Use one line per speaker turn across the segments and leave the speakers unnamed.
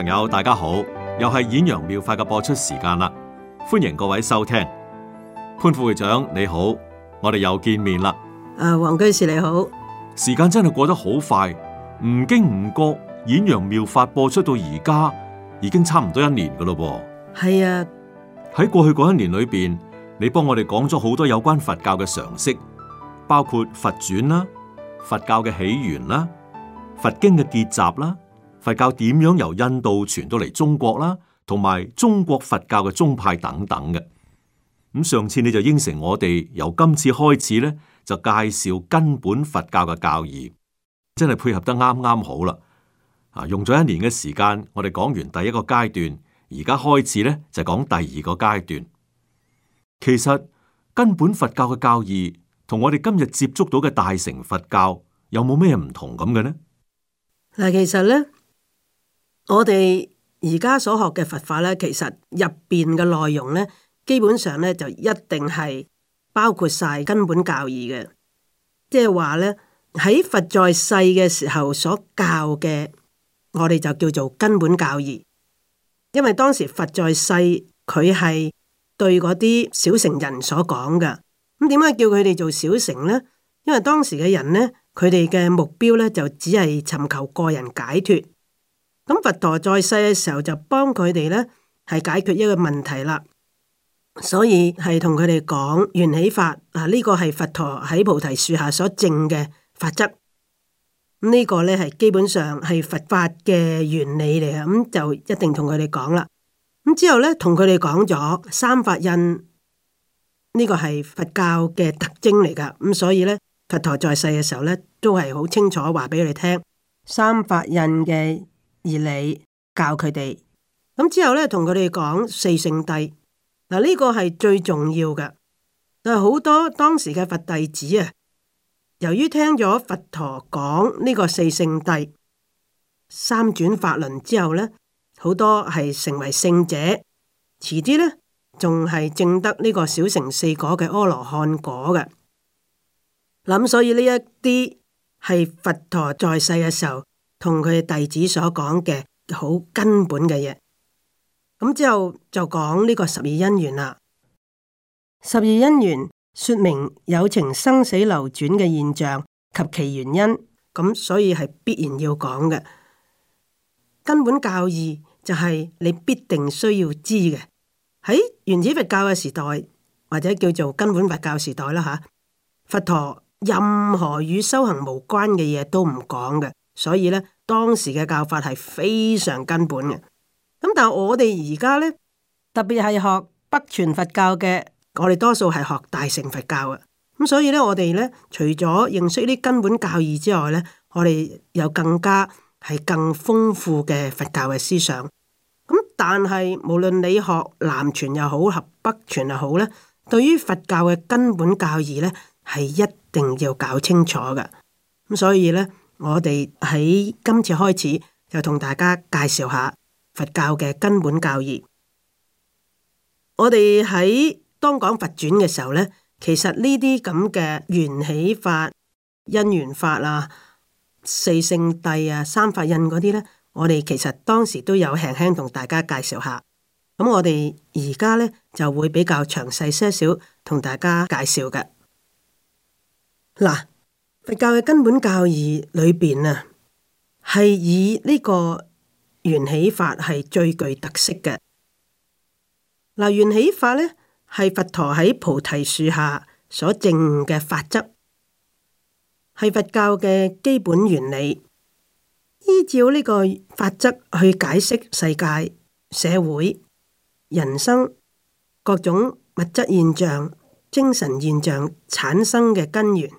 朋友大家好，又係《演陽妙法》嘅播出時間啦，歡迎各位收聽。潘副會長你好，我哋又見面啦。誒、啊，黃居士你好，時間真係過得好快，唔經唔覺，《演陽妙法》播出到而家已經差唔多一年噶咯。係啊，喺過去嗰一年裏邊，你幫我哋講咗好多有關佛教嘅常識，包括佛傳啦、佛教嘅起源啦、佛經嘅結集啦。佛教點樣由印度傳到嚟中國啦，同埋中國佛教嘅宗派等等嘅。咁上次你就應承我哋，由今次開始咧就介紹根本佛教嘅教義，真係配合得啱啱好啦。啊，用咗一年嘅時間，我哋講完第一個階段，而家開始咧就講第二個階段。其實根本佛教嘅教義同我哋今日接觸到嘅大乘佛教有冇咩唔同咁嘅呢？
嗱，其實咧。我哋而家所學嘅佛法咧，其實入邊嘅內容咧，基本上咧就一定係包括晒根本教義嘅，即係話咧喺佛在世嘅時候所教嘅，我哋就叫做根本教義。因為當時佛在世，佢係對嗰啲小乘人所講嘅。咁點解叫佢哋做小乘呢？因為當時嘅人呢，佢哋嘅目標咧就只係尋求個人解脫。咁佛陀在世嘅時候就幫佢哋咧係解決一個問題啦，所以係同佢哋講緣起法啊，呢、這個係佛陀喺菩提樹下所證嘅法則。嗯，這個、呢個咧係基本上係佛法嘅原理嚟啊，咁、嗯、就一定同佢哋講啦。咁、嗯、之後咧同佢哋講咗三法印，呢、這個係佛教嘅特徵嚟噶。咁、嗯、所以咧，佛陀在世嘅時候咧都係好清楚話俾佢哋聽三法印嘅。而你教佢哋，咁之後咧同佢哋講四聖諦，嗱、這、呢個係最重要嘅。但、就、好、是、多當時嘅佛弟子啊，由於聽咗佛陀講呢個四聖諦、三轉法輪之後咧，好多係成為聖者，遲啲咧仲係證得呢個小乘四果嘅阿羅漢果嘅。咁所以呢一啲係佛陀在世嘅時候。同佢弟子所講嘅好根本嘅嘢，咁之後就講呢個十二因緣啦。十二因緣說明有情生死流轉嘅現象及其原因，咁所以係必然要講嘅。根本教義就係你必定需要知嘅。喺原始佛教嘅時代，或者叫做根本佛教時代啦吓，佛陀任何與修行無關嘅嘢都唔講嘅。所以咧，當時嘅教法係非常根本嘅。咁但係我哋而家咧，特別係學北傳佛教嘅，我哋多數係學大乘佛教嘅。咁所以咧，我哋咧除咗認識啲根本教義之外咧，我哋有更加係更豐富嘅佛教嘅思想。咁但係無論你學南傳又好，合北傳又好咧，對於佛教嘅根本教義咧，係一定要搞清楚嘅。咁所以咧。我哋喺今次開始就同大家介紹下佛教嘅根本教義。我哋喺當講佛傳嘅時候呢，其實呢啲咁嘅緣起法、因緣法啊、四聖諦啊、三法印嗰啲呢，我哋其實當時都有輕輕同大家介紹下。咁我哋而家呢，就會比較詳細些少同大家介紹嘅。嗱。佛教嘅根本教義裏邊啊，係以呢個緣起法係最具特色嘅。嗱，緣起法呢，係佛陀喺菩提樹下所證悟嘅法則，係佛教嘅基本原理。依照呢個法則去解釋世界、社會、人生各種物質現象、精神現象產生嘅根源。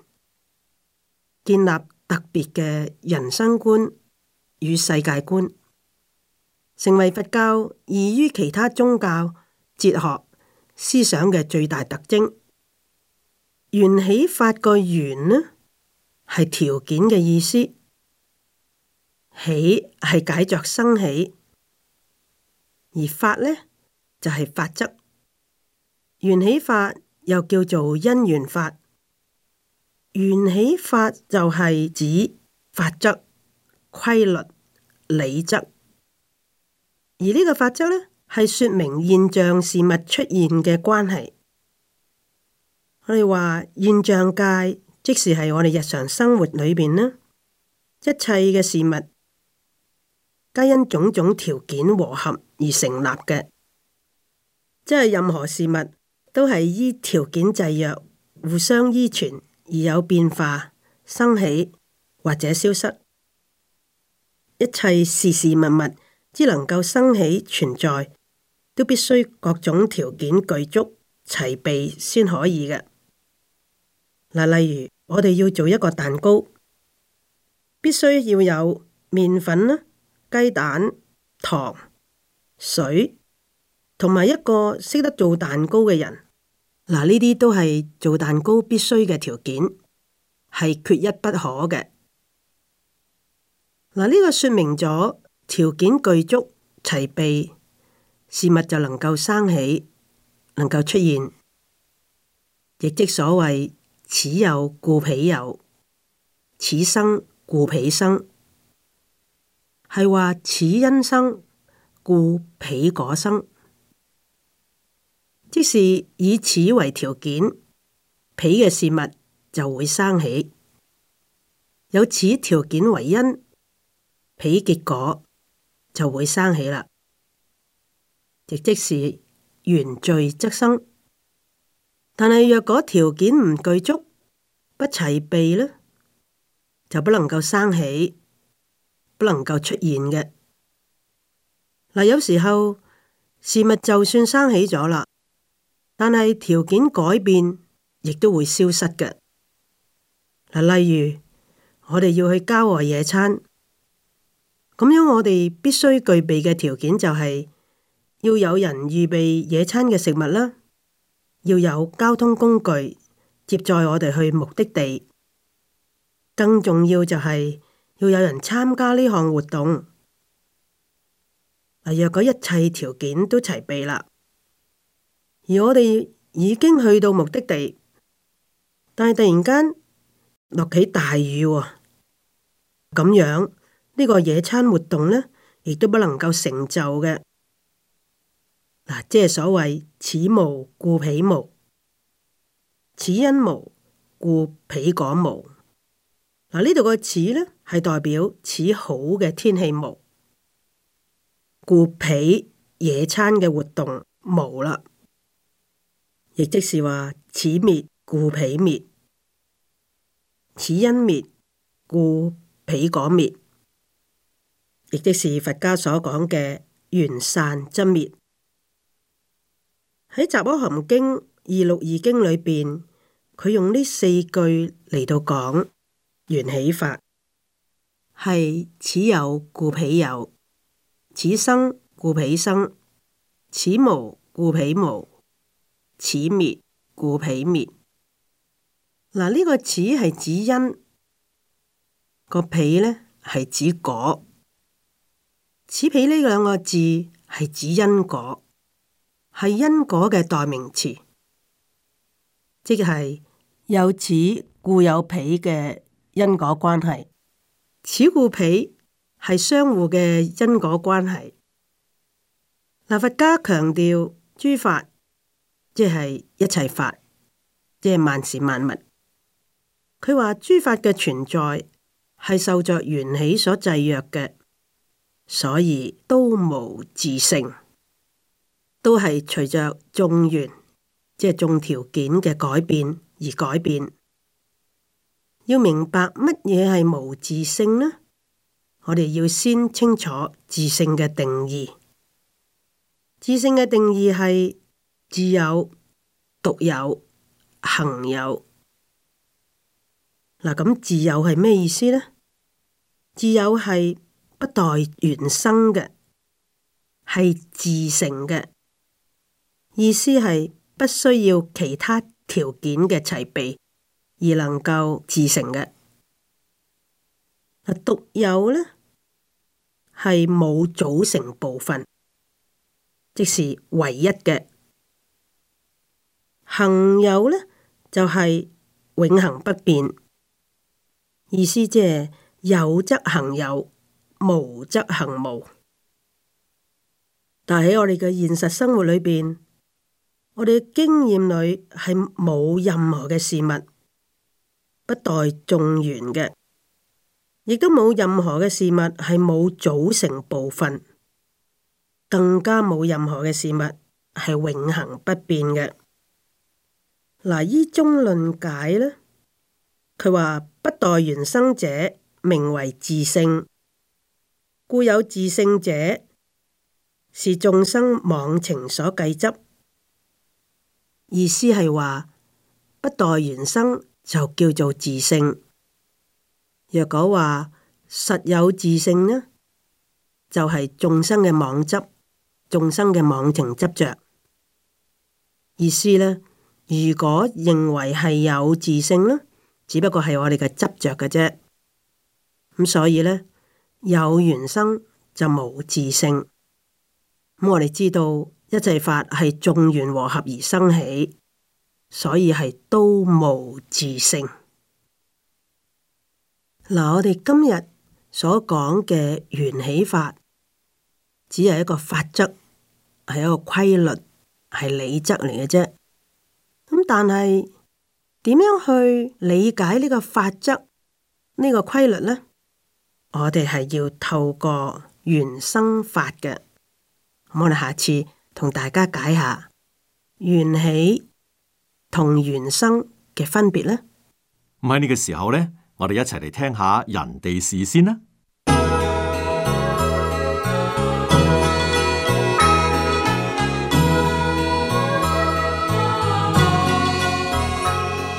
建立特別嘅人生觀與世界觀，成為佛教異於其他宗教哲學思想嘅最大特徵。緣起法個緣呢，係條件嘅意思；起係解作生起，而法呢就係法則。緣起法又叫做因緣法。緣起法就係指法則、規律、理則，而呢個法則呢，係説明現象事物出現嘅關係。我哋話現象界，即使係我哋日常生活裏邊呢一切嘅事物，皆因種種條件和合而成立嘅，即係任何事物都係依條件制約，互相依存。而有變化生起或者消失，一切事事物物只能夠生起存在，都必須各種條件具足齊備先可以嘅。嗱，例如我哋要做一個蛋糕，必須要有麵粉啦、雞蛋、糖、水，同埋一個識得做蛋糕嘅人。嗱，呢啲都係做蛋糕必須嘅條件，係缺一不可嘅。嗱，呢個說明咗條件具足齊備，事物就能夠生起，能夠出現。亦即所謂「此有故彼有，此生故彼生」，係話此因生，故彼果生。即是以此為條件，彼嘅事物就會生起。有此條件為因，彼結果就會生起啦。亦即是緣聚則生。但係若果條件唔具足、不齊備呢，就不能夠生起，不能夠出現嘅。嗱，有時候事物就算生起咗啦。但係條件改變，亦都會消失嘅。例如我哋要去郊外野餐，咁樣我哋必須具備嘅條件就係要有人預備野餐嘅食物啦，要有交通工具接載我哋去目的地，更重要就係要有人參加呢項活動。啊，若果一切條件都齊備啦。而我哋已經去到目的地，但係突然間落起大雨喎，咁樣呢個野餐活動呢，亦都不能夠成就嘅。嗱，即係所謂此無故彼無，此因無故彼果無。嗱，呢度個此呢，係代表此好嘅天氣無，故彼野餐嘅活動無啦。亦即是話，此滅故彼滅，此因滅故彼果滅，亦即是佛家所講嘅緣散則滅。喺《雜阿含經》二六二經裏邊，佢用呢四句嚟到講緣起法，係此有故彼有，此生故彼生，此無故彼無。此滅故彼滅。嗱，呢個此係指因，個彼呢係指果。此彼呢兩個字係指因果，係因果嘅代名詞，即係有此故有彼嘅因果關係。此故彼係相互嘅因果關係。嗱，佛家強調諸法。.即係一切法，即係萬事萬物。佢話諸法嘅存在係受着緣起所制約嘅，所以都無自性，都係隨着眾緣，即係眾條件嘅改變而改變。要明白乜嘢係無自性呢？我哋要先清楚自性嘅定義。自性嘅定義係。自有、獨有、行有，嗱，咁自有係咩意思呢？自有係不待原生嘅，係自成嘅，意思係不需要其他條件嘅齊備而能夠自成嘅。嗱，獨有呢，係冇組成部分，即是唯一嘅。恒有呢，就係永恆不變。意思即係有則恒有，無則恒無。但喺我哋嘅現實生活裏邊，我哋嘅經驗裏係冇任何嘅事物不待眾緣嘅，亦都冇任何嘅事物係冇組成部分，更加冇任何嘅事物係永恆不變嘅。嗱，依中論解呢，佢話不待原生者，名為自性；故有自性者，是眾生妄情所計執。意思係話不待原生就叫做自性。若果話實有自性呢，就係、是、眾生嘅妄執，眾生嘅妄情執着。意思呢。如果認為係有自性呢，只不過係我哋嘅執着嘅啫。咁所以呢，有緣生就冇自性。咁我哋知道一切法係眾緣和合而生起，所以係都冇自性。嗱，我哋今日所講嘅緣起法，只係一個法則，係一個規律，係理則嚟嘅啫。但係點樣去理解呢個法則呢，呢個規律呢？我哋係要透過緣生法嘅，咁我哋下次同大家解下緣起同緣生嘅分別呢。
咁喺呢個時候呢，我哋一齊嚟聽下人哋事先啦。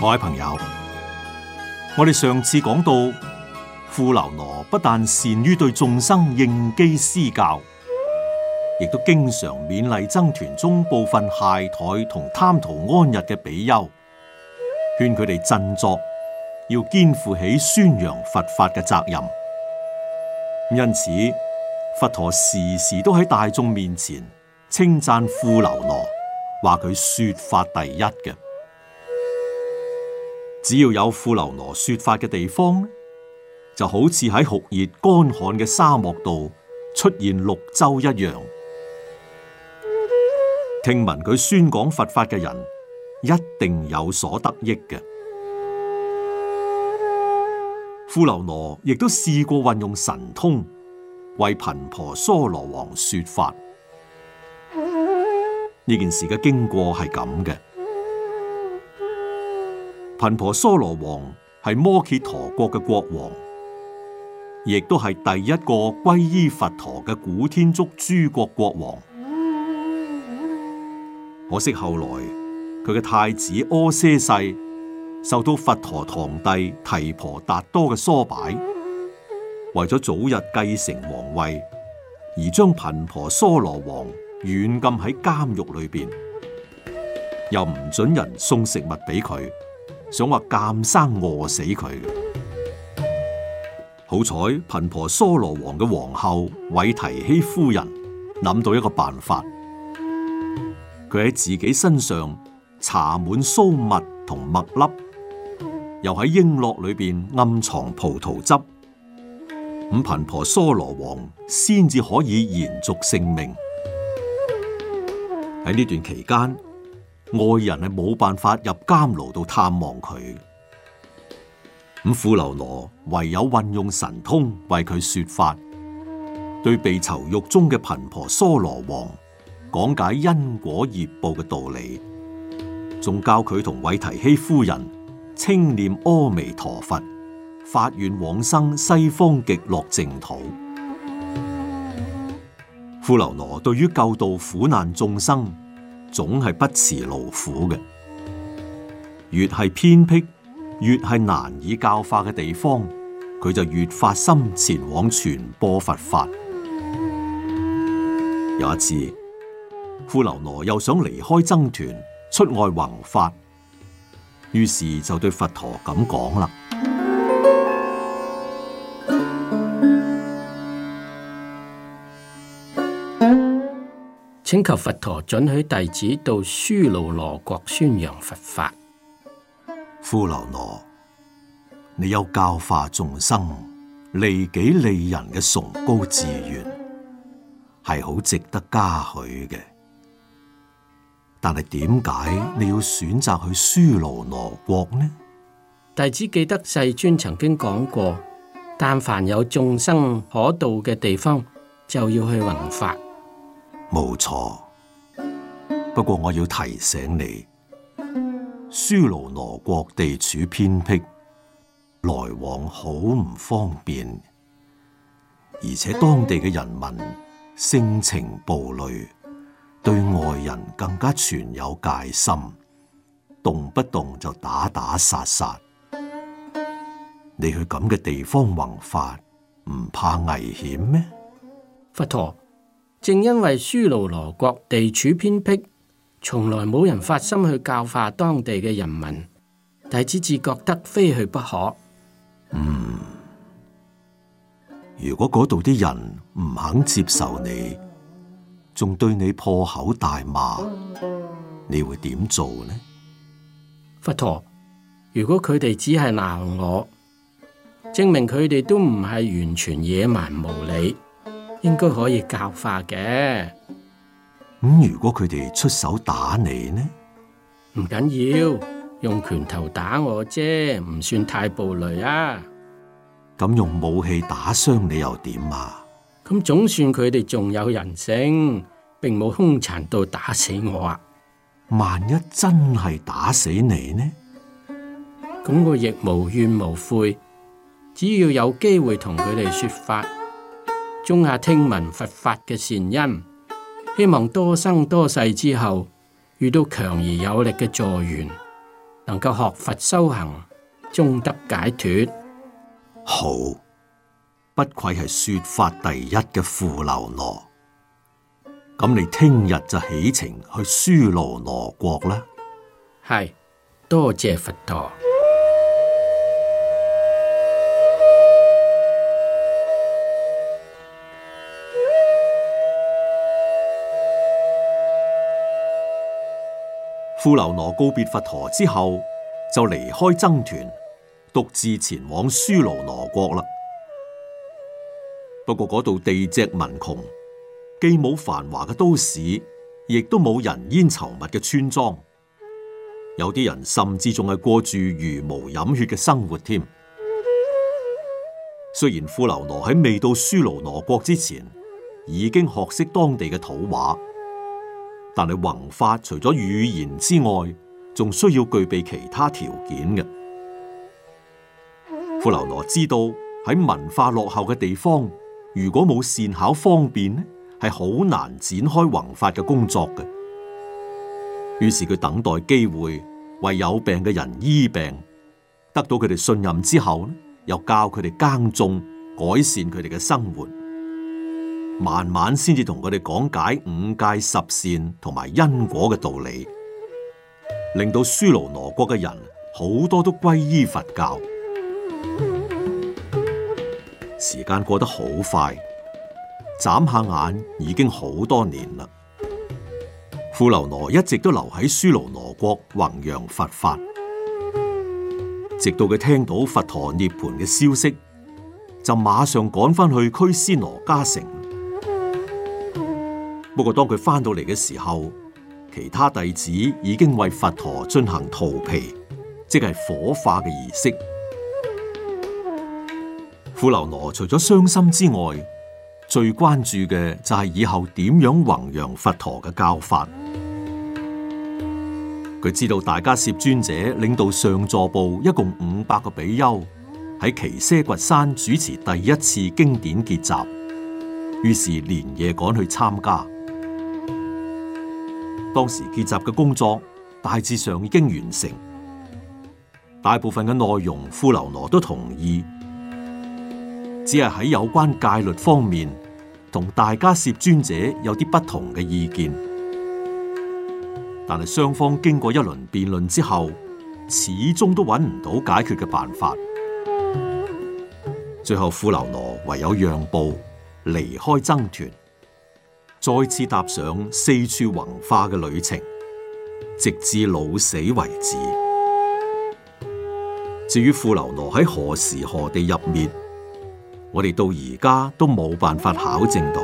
各位朋友，我哋上次講到富樓那不但善於對眾生應機施教，亦都經常勉勵僧團中部分懈怠同貪圖安逸嘅比丘，勸佢哋振作，要肩負起宣揚佛法嘅責任。因此，佛陀時時都喺大眾面前稱讚富樓那，話佢說法第一嘅。只要有富樓那說法嘅地方，就好似喺酷熱乾旱嘅沙漠度出現綠洲一樣。聽聞佢宣講佛法嘅人，一定有所得益嘅。富樓那亦都試過運用神通為頻婆娑羅王說法。呢件事嘅經過係咁嘅。頻婆娑羅王係摩揭陀國嘅國王，亦都係第一個皈依佛陀嘅古天竺諸國國王。可惜後來佢嘅太子阿闍世受到佛陀堂弟提婆達多嘅唆擺，為咗早日繼承皇位，而將頻婆娑羅王軟禁喺監獄裏邊，又唔准人送食物俾佢。想話監生餓死佢，好彩頻婆娑羅王嘅皇后韋提希夫人諗到一個辦法，佢喺自己身上搽滿酥蜜同麥粒，又喺瓔珞裏邊暗藏葡萄汁，咁、嗯、頻婆娑羅王先至可以延續性命。喺呢段期間，外人係冇辦法入監牢度探望佢，咁富樓那唯有運用神通為佢說法，對被囚獄中嘅頻婆娑羅王講解因果業報嘅道理，仲教佢同韋提希夫人清念阿彌陀佛，發願往生西方極樂淨土。富樓那對於救度苦難眾生，總係不辭勞苦嘅，越係偏僻，越係難以教化嘅地方，佢就越發心前往傳播佛法。 有一次，富樓那又想離開僧團，出外弘法，於是就對佛陀咁講啦。
請求佛陀准許弟子到舒羅羅國宣揚佛法。富樓那，你有教化眾生、
利己利人嘅崇高志願，係好值得
嘉許嘅。但係點解你要選擇去舒羅羅國呢？弟子記得世尊曾經講過，但凡有眾生可到嘅地方，就要去弘法。冇錯，不過我要提醒你，
舒魯羅國地處偏僻，來往好唔方便，而且當地嘅人民性情暴戾，對外人更加存有戒心，動不動就打打殺殺。你去咁嘅地方
弘法，唔怕危險咩？佛陀。正因為舒盧羅國地處偏僻，從來冇人發心去教化當地嘅人民，弟子至覺得非去不可。嗯，
如果嗰度啲人唔肯接受你，
仲對你破口大罵，你會點做呢？佛陀，如果佢哋只係鬧我，證明佢哋都唔係完全野蠻無理。應該可以教化嘅。咁如果佢哋出手打你呢？唔緊要，用拳頭打我啫，唔算太暴戾啊。咁用武器打傷你又點啊？咁總算佢哋仲有人性，並冇兇殘到打死我啊。萬一真係打死你呢？咁我亦無怨無悔，只要有機會同佢哋說法。中下聽聞佛法嘅善因，希望多生多世之後遇到強而有力嘅助緣，能夠學佛修行，終得解脫。好，不愧係說法第一嘅富樓那，
咁你聽日就起程去舒羅羅國啦。係，
多謝佛陀。
富樓那告別佛陀之後，就離開僧團，獨自前往舒盧羅國啦。不過嗰度地瘠民窮，既冇繁華嘅都市，亦都冇人煙稠密嘅村莊，有啲人甚至仲係過住茹毛飲血嘅生活添。雖然富樓那喺未到舒盧羅國之前，已經學識當地嘅土話。但係弘法除咗語言之外，仲需要具備其他條件嘅。富樓那知道喺文化落後嘅地方，如果冇善巧方便呢，係好難展開弘法嘅工作嘅。於是佢等待機會，為有病嘅人醫病，得到佢哋信任之後，又教佢哋耕種，改善佢哋嘅生活。慢慢先至同佢哋講解五戒十善同埋因果嘅道理，令到舒羅羅國嘅人好多都皈依佛教。時間過得好快，眨下眼已經好多年啦。富樓那一直都留喺舒羅羅國弘揚佛法，直到佢聽到佛陀涅槃嘅消息，就馬上趕翻去拘尸羅加城。不過當佢返到嚟嘅時候，其他弟子已經為佛陀進行荼毗，即係火化嘅儀式。富樓那除咗傷心之外，最關注嘅就係以後點樣弘揚佛陀嘅教法。佢知道大迦葉尊者領導上座部，一共五百個比丘喺耆闍崛山主持第一次經典結集，於是連夜趕去參加。當時結集嘅工作大致上已經完成，大部分嘅內容富樓那都同意，只係喺有關戒律方面同大迦葉尊者有啲不同嘅意見。但係雙方經過一輪辯論之後，始終都揾唔到解決嘅辦法。最後富樓那唯有讓步，離開僧團。再次踏上四處弘化嘅旅程，直至老死為止。至於富樓那喺何時何地入滅，我哋到而家都冇辦法考證到。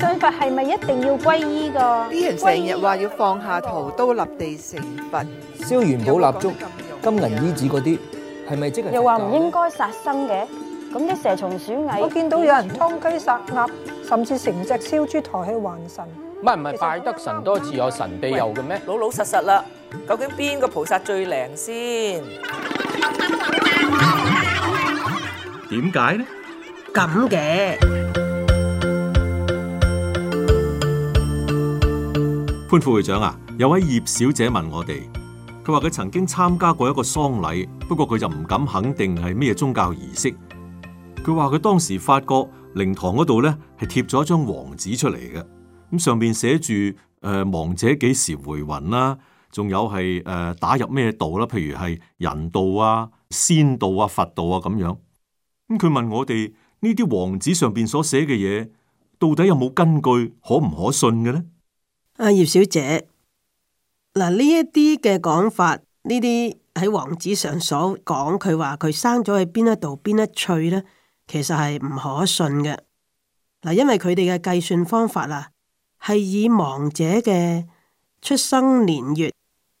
信佛係咪一定要皈依噶？啲人成日話要放下屠刀立地成
佛，燒元寶蠟燭金、 金銀衣紙嗰啲。係咪即係？又話唔應該殺生嘅，咁啲蛇蟲鼠蟻，我見到有人劏雞殺鴨，甚至成隻
燒豬抬去還神。
唔係唔係，拜得神多自有神庇佑嘅咩？老老實實啦，究竟邊個菩薩最靈先？
點解呢？
咁嘅
潘副會長啊，有位葉小姐問我哋。佢話佢曾經參加過一個喪禮，不過佢就唔敢肯定係咩宗教儀式。佢話佢當時發覺靈堂嗰度咧係貼咗一張黃紙出嚟嘅，咁上面寫住誒亡者幾時回魂啦、啊，仲有係誒、呃、打入咩道啦、啊，譬如係人道啊、仙道啊、佛道啊咁樣。咁、嗯、佢問我哋呢啲黃紙上邊所寫嘅嘢，到底有冇根據，可唔可信嘅咧？
阿葉、啊、小姐。嗱，呢一啲嘅講法，呢啲喺黃紙上所講，佢話佢生咗喺邊一度邊一趣呢，其實係唔可信嘅。嗱，因為佢哋嘅計算方法啦，係以亡者嘅出生年月、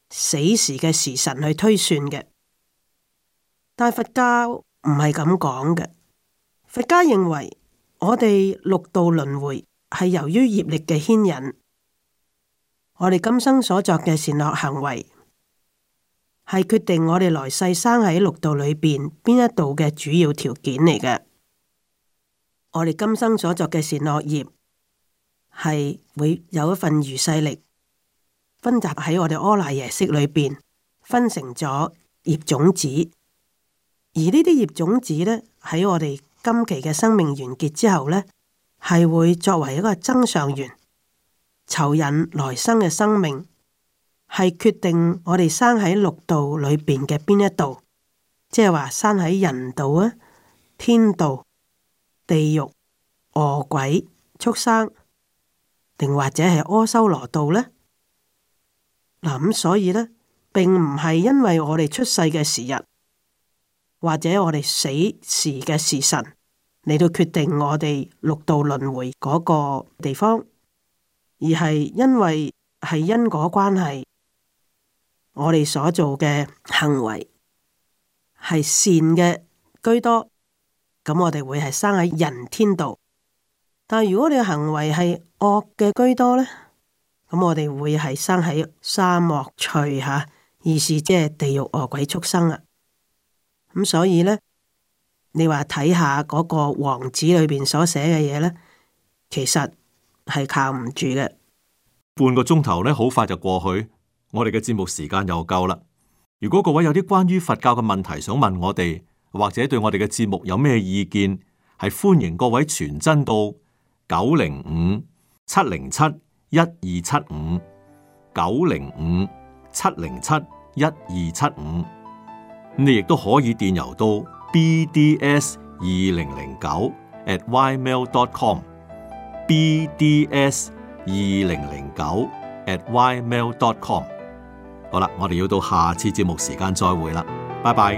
死時嘅時辰去推算嘅。但佛教唔係咁講嘅，佛家認為我哋六道輪回係由於業力嘅牽引。我哋今生所作嘅善惡行為，係決定我哋來世生喺六道裏邊邊一道嘅主要條件嚟嘅。我哋今生所作嘅善惡業，係會有一份餘勢力，分集喺我哋阿賴耶識裏邊分成咗業種子。而呢啲業種子咧，喺我哋今期嘅生命完結之後咧，係會作為一個增上緣。囚人來生嘅生命係決定我哋生喺六道裏邊嘅邊一度，即係話生喺人道啊、天道、地獄、餓鬼、畜生，定或者係阿修羅道呢？嗱，咁所以呢，並唔係因為我哋出世嘅時日，或者我哋死時嘅時辰，嚟到決定我哋六道輪迴嗰個地方。而係因為係因果關係，我哋所做嘅行為係善嘅居多，咁我哋會係生喺人天道。但係如果你嘅行為係惡嘅居多呢，咁我哋會係生喺三惡趣下，意思即係地獄、餓鬼、畜生啦。咁所以呢，你話睇下嗰個《王子裏邊所寫嘅嘢呢，其實。
係靠唔住嘅。半個鐘頭咧，好快就過去。我哋嘅節目時間又夠啦。如果各位有啲關於佛教嘅問題想問我哋，或者對我哋嘅節目有咩意見，係歡迎各位傳真到九零五七零七一二七五九零五七零七一二七五。你亦都可以電郵到 bds 二零零九 @ymail.com。bds 二零零九 atymail.com。好啦，我哋要到下次節目時間再會啦，拜拜。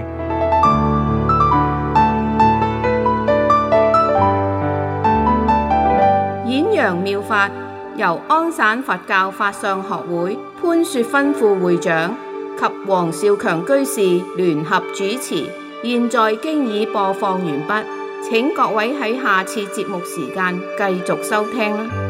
演揚妙法由安省佛教法相學會潘雪芬副會長及黃少強居士聯合主持，現在經已播放完畢。請各位喺下次節目時間繼續收聽啦。